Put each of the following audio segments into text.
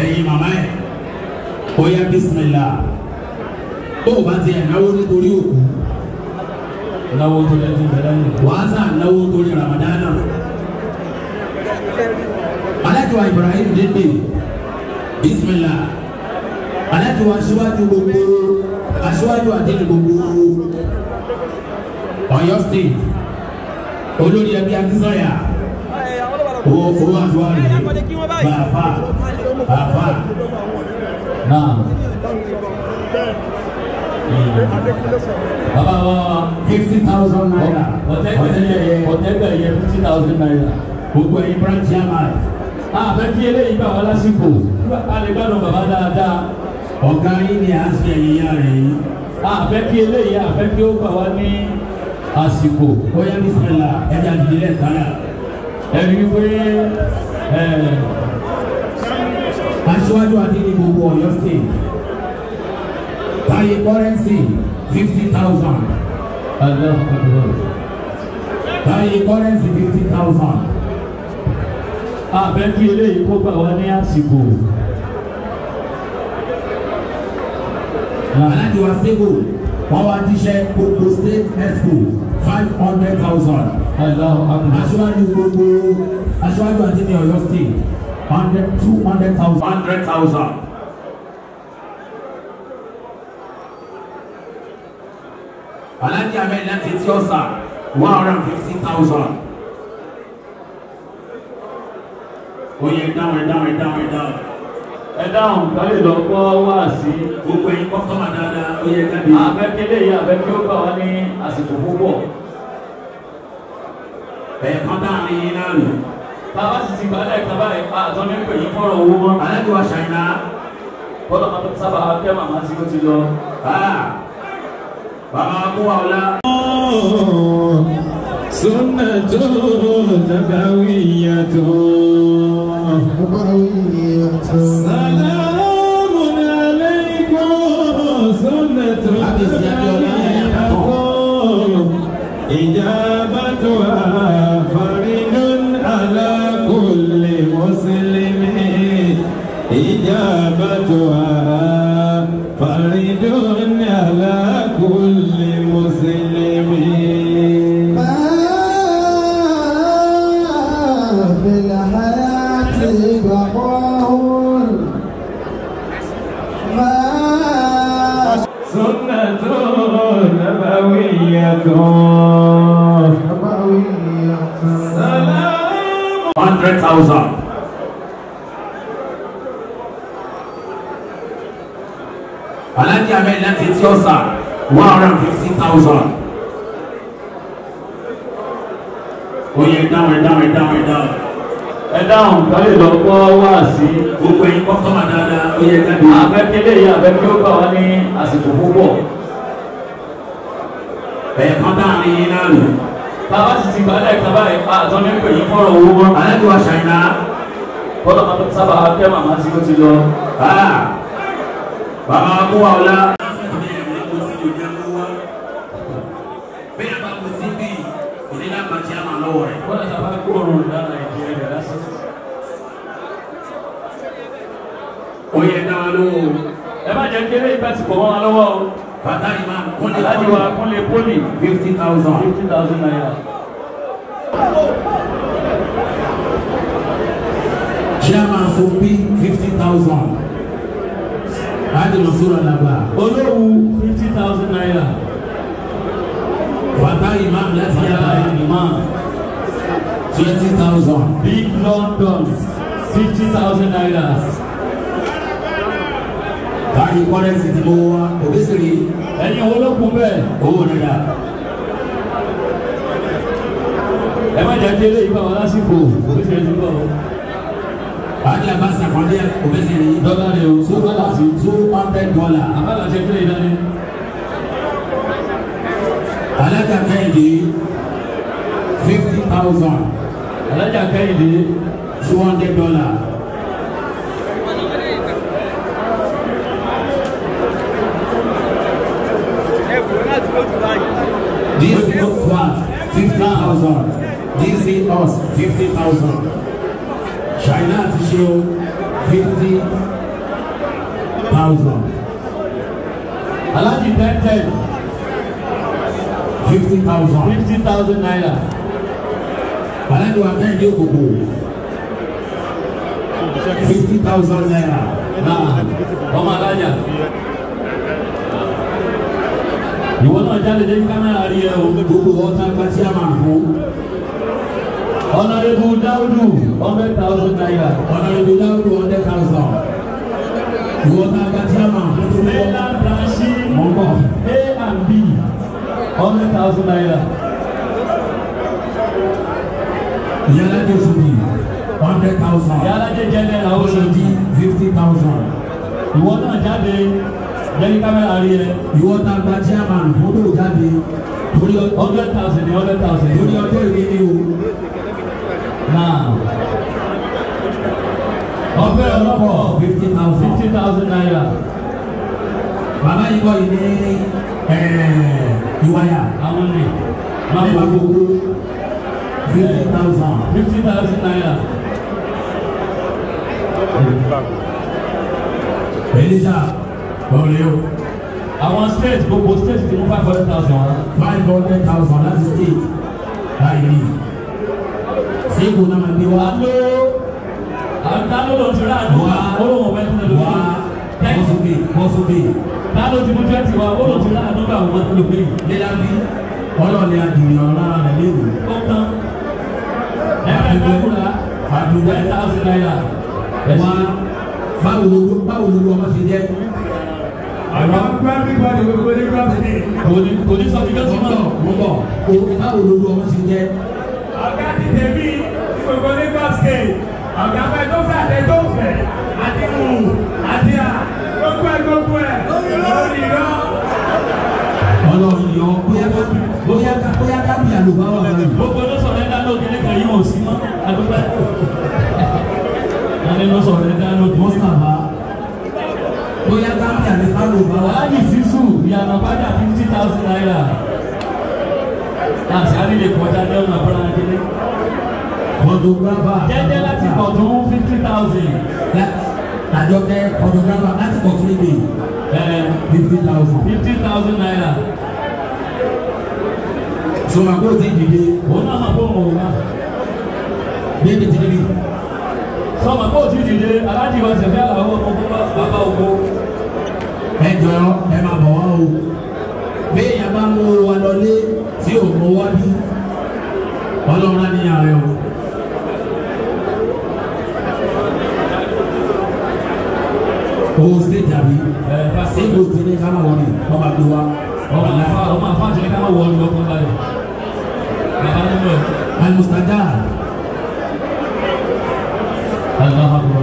ẹ̀yin màmá ẹ̀ ó yá bísímìlà bó o bá ti ẹ̀ náwó nítorí òkú náwó tó lẹ́tí bẹ́lẹ́yìn wàásà náwó torí ramadana alájọ ibrahim dédé bísímìlà alájọ aṣíwájú gbogbo aṣíwájú àdínì gbogbo Ọ̀yọ́ state olórí ẹbí akínsọyà owó owó àdúrà rẹ̀ bàbá bàbá náà bàbá wa fifty thousand naira ọ̀tẹ́gbẹ̀yẹ ọ̀tẹ́gbẹ̀yẹ fifty thousand naira gbogbo ẹ̀yin branch yamai àfẹ́ kí eléyìí bá wa lásìkò alẹ́gbàdàn bàbá dáadáa ọ̀gá yín ni à ń fi ẹ̀yìn yá rẹ̀ yín àfẹ́ kí eléyìí àfẹ́ kí ó bá wa ní àsìkò bóyá bísí ẹ̀ la ẹ̀dá ìdílé ẹ̀ sáyà ẹni wípé eh, aṣíwájú adínní gbogbo Ọ̀yọ́ state Táyé currency fifty thousand Táyé currency fifty thousand. àbẹ́kí eléyìí kó gbà wá ní àsìkò. aláàdì wa sego wọn wá jíṣẹ́ gbogbo state expo five hundred thousand aṣáájú gbogbo aṣáájú àti ní Ọ̀yọ́ state hundred two hundred thousand. hundred thousand. Alhaji Ahmed láti tí ọ̀sà one hundred and fifty thousand. Oye ẹ dáhùn ẹ dáhùn ẹ dáhùn ẹ dáhùn. Ẹ dáhùn káyọ̀ lọ kọ́ wá sí. Gbogbo ẹ̀yin kọ́kọ́ máa dáadáa ó yẹ ká di. Àfẹ́kẹ́lẹ́ yìí àfẹ́kẹ́ ó gbà wá ní àsìkò púpọ̀ ẹ̀ẹ̀kan tá a ní yín náà nù. bàbá sì ti gbàlẹ̀ kan báyìí pa àtọ́ ní pè yín fọ́rọ̀ owó mọ́. alẹ́ bí wàá ṣàyìnà. bọ́lá máa sábà kẹ́ màmá tí ó ti lọ. Ah. bàbá kó wa ọ̀la. سنة نبوية سلام عليكم سنة نبوية hundred thousand. Alhaji Ahmed láti tí ọ̀sà one hundred and fifty thousand. Oyè dáhùn ẹ dáhùn ẹ dáhùn ẹ dáhùn. Ẹ dáhùn ká lè lọ gbọ́ wá sí. Gbogbo ẹ̀yin kọ́sọ́mà dáadáa oyè dábì. Àfẹ́kélé yìí àfẹ́kélé ó gbà wá ní àsìkò púpọ̀. Ẹ̀ẹ̀kan dáhùn ni yín náà lò bàbá ti ti gbàlẹ̀ kaba yìí àtọ́ ní pè yín fọ́rọ̀ owó mọ́. alẹ́ tó wá ṣàyìnà. bọ́lá máa tún sábà kẹ́ màmá tí ó ti lọ. bàbá mú wa ọ̀la. Wọ́n ti bá gbóòórùn dáná ìdí ẹ̀rẹ̀ lásán. Oyè dáná lówó. Ẹ má jẹ́ kéré ìgbà tí kò wọ́n wá lọ́wọ́ o. Bàtà ìmáà kúnlé poli kúnlé poli fifty thousand fifty thousand naira. chairman fopi fifty thousand adi masura naba olówó fifty thousand naira wàtá imam láti yàrá imam twenty thousand big london fifty thousand naira báyìí kọ́rẹ́sì ti mú wa òbí sì rí. ẹ̀yin owó ló kún bẹ́ẹ̀. owó dada. ẹ má jà délé yìí báwa lásìkò òbí sì rí ti bọ̀. báyìí àbá sàkọ́ndé òbí sì rí. dọ́là rẹ o two dollars two hundred dollars. àbá làṣẹ fún ìdáni. alájà kẹ́hìndé fifty thousand. alájà kẹ́hìndé two hundred dollars. France 50,000 DC US 50,000 China ti ṣe o 50,000 Alhaji ten ten fifty thousand fifty thousand naira Alhaji I ten yóò gbogbo fifty thousand naira come on, alájà ìwọ náà jáde dé kámẹ́rà rí ẹ o gbogbo ọ̀tá pàtí àmà fún. ọ̀nàdébù dáúdù hundred thousand naira ọ̀nàdébù dáúdù hundred thousand. ìwọ ọ̀tá pàtí àmà fún tó wọ́n. ẹ̀la branchi mọ̀gbọ́ a and b hundred thousand naira. ìyára dé fúnmi hundred thousand. ìyára dé jẹ́lẹ̀ àwọn oṣù di fifty thousand. ìwọ náà jáde jẹ́ni kámẹ́rà rí ẹ. ìwọ ta gba chairman fótó jáde torí hundred thousand ni hundred thousand torí ọjọ́ ìwé ni o. ọ̀fẹ́ ọlọ́pọ̀ fifty thousand fifty thousand naira. bàbá yìí bọ̀ yìí ní ìwáyà. àwọn ni máa wà gbogbo fifty thousand fifty thousand naira. Elisa lórí o. àwọn state gbogbo state ti mú five hundred thousand wá. five hundred thousand láti state báyìí síkù náà máa gbé wá. alo àtàló ló ti rà ní wa olóhùn ọ̀bẹ tó lè wá. mọ́sùnbí mọ́sùnbí. táló ti mú twenty wa olóhùn ti rà nígbà wọn tó lè gbé. lílá bí ọlọ́ọ̀ni adìrìn ọ̀rọ̀ rẹ̀ léwu. ó tán ẹ̀rẹ̀ mẹ́kúra àdùgbẹ́ thousand naira. wá báwo ló báwo ló wọ́n ti jẹ́. I want to everybody we go dey grab me. Kò ní kò ní sọ fíjọ́ sí náà. Mo bọ̀ kò báwo lolú ọmọ ti jẹ́. Ọ̀gá ti tèmi ní gbogbo Lagos State. Ọ̀gá fẹ́ tó fẹ́ àtẹ tó fẹ́ àti mù àti à gbogbo ẹ̀ gbogbo ẹ̀ lórí irọ́. Ọlọ́run yọ bóyá bóyá bóyá kábíyì àlùbá wà lórí. Gbogbo ló sọ̀rọ̀ ẹ̀dá lóde nípa yìí wọ̀n sí mọ́. Àdúgbò ẹ̀ ló sọ̀rọ̀ ẹ̀dá lóde. Mọ́sàmá bóyá káńtì àti kánò bá wà. aláàjì sísù ìyànà padà fifty thousand naira àti àlejò kọjá ní ọ̀nà àbúrò adélé. kọdùgbàbà jẹjẹ láti kọdùn fifty thousand. àjọkẹ́ kọdùgbàbà láti kọ̀ fún ìgbè. fifty thousand. fifty thousand naira. sọmọkó ti dìde. òun náà máa bọ̀ mọ̀ òun náà. bébí ti dìde. sọmọkó ti dìde aláàjì wa ṣẹ̀fẹ́ àlà. owó state àbí ẹgbẹ́ òtún ní ká máa ni wọ́n máa gbé wa. ọmọ àfa ọmọ àfa àti ká máa wọ ni ọkọ balẹ̀ bàbá nínú ẹ̀. alimusaja. alahakuba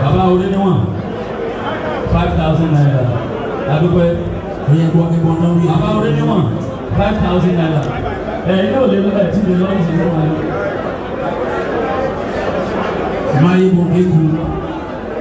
bàbá oníníwọ̀n five thousand naira adúgbò ẹ̀. ẹ̀yẹ gbọ́ ẹ̀gbọ́n náà wí. bàbá oníníwọ̀n five thousand naira ẹ̀ yóò lé lọ́dà tí mo lọ́ọ́ sí fún wa. máyé mo kéku.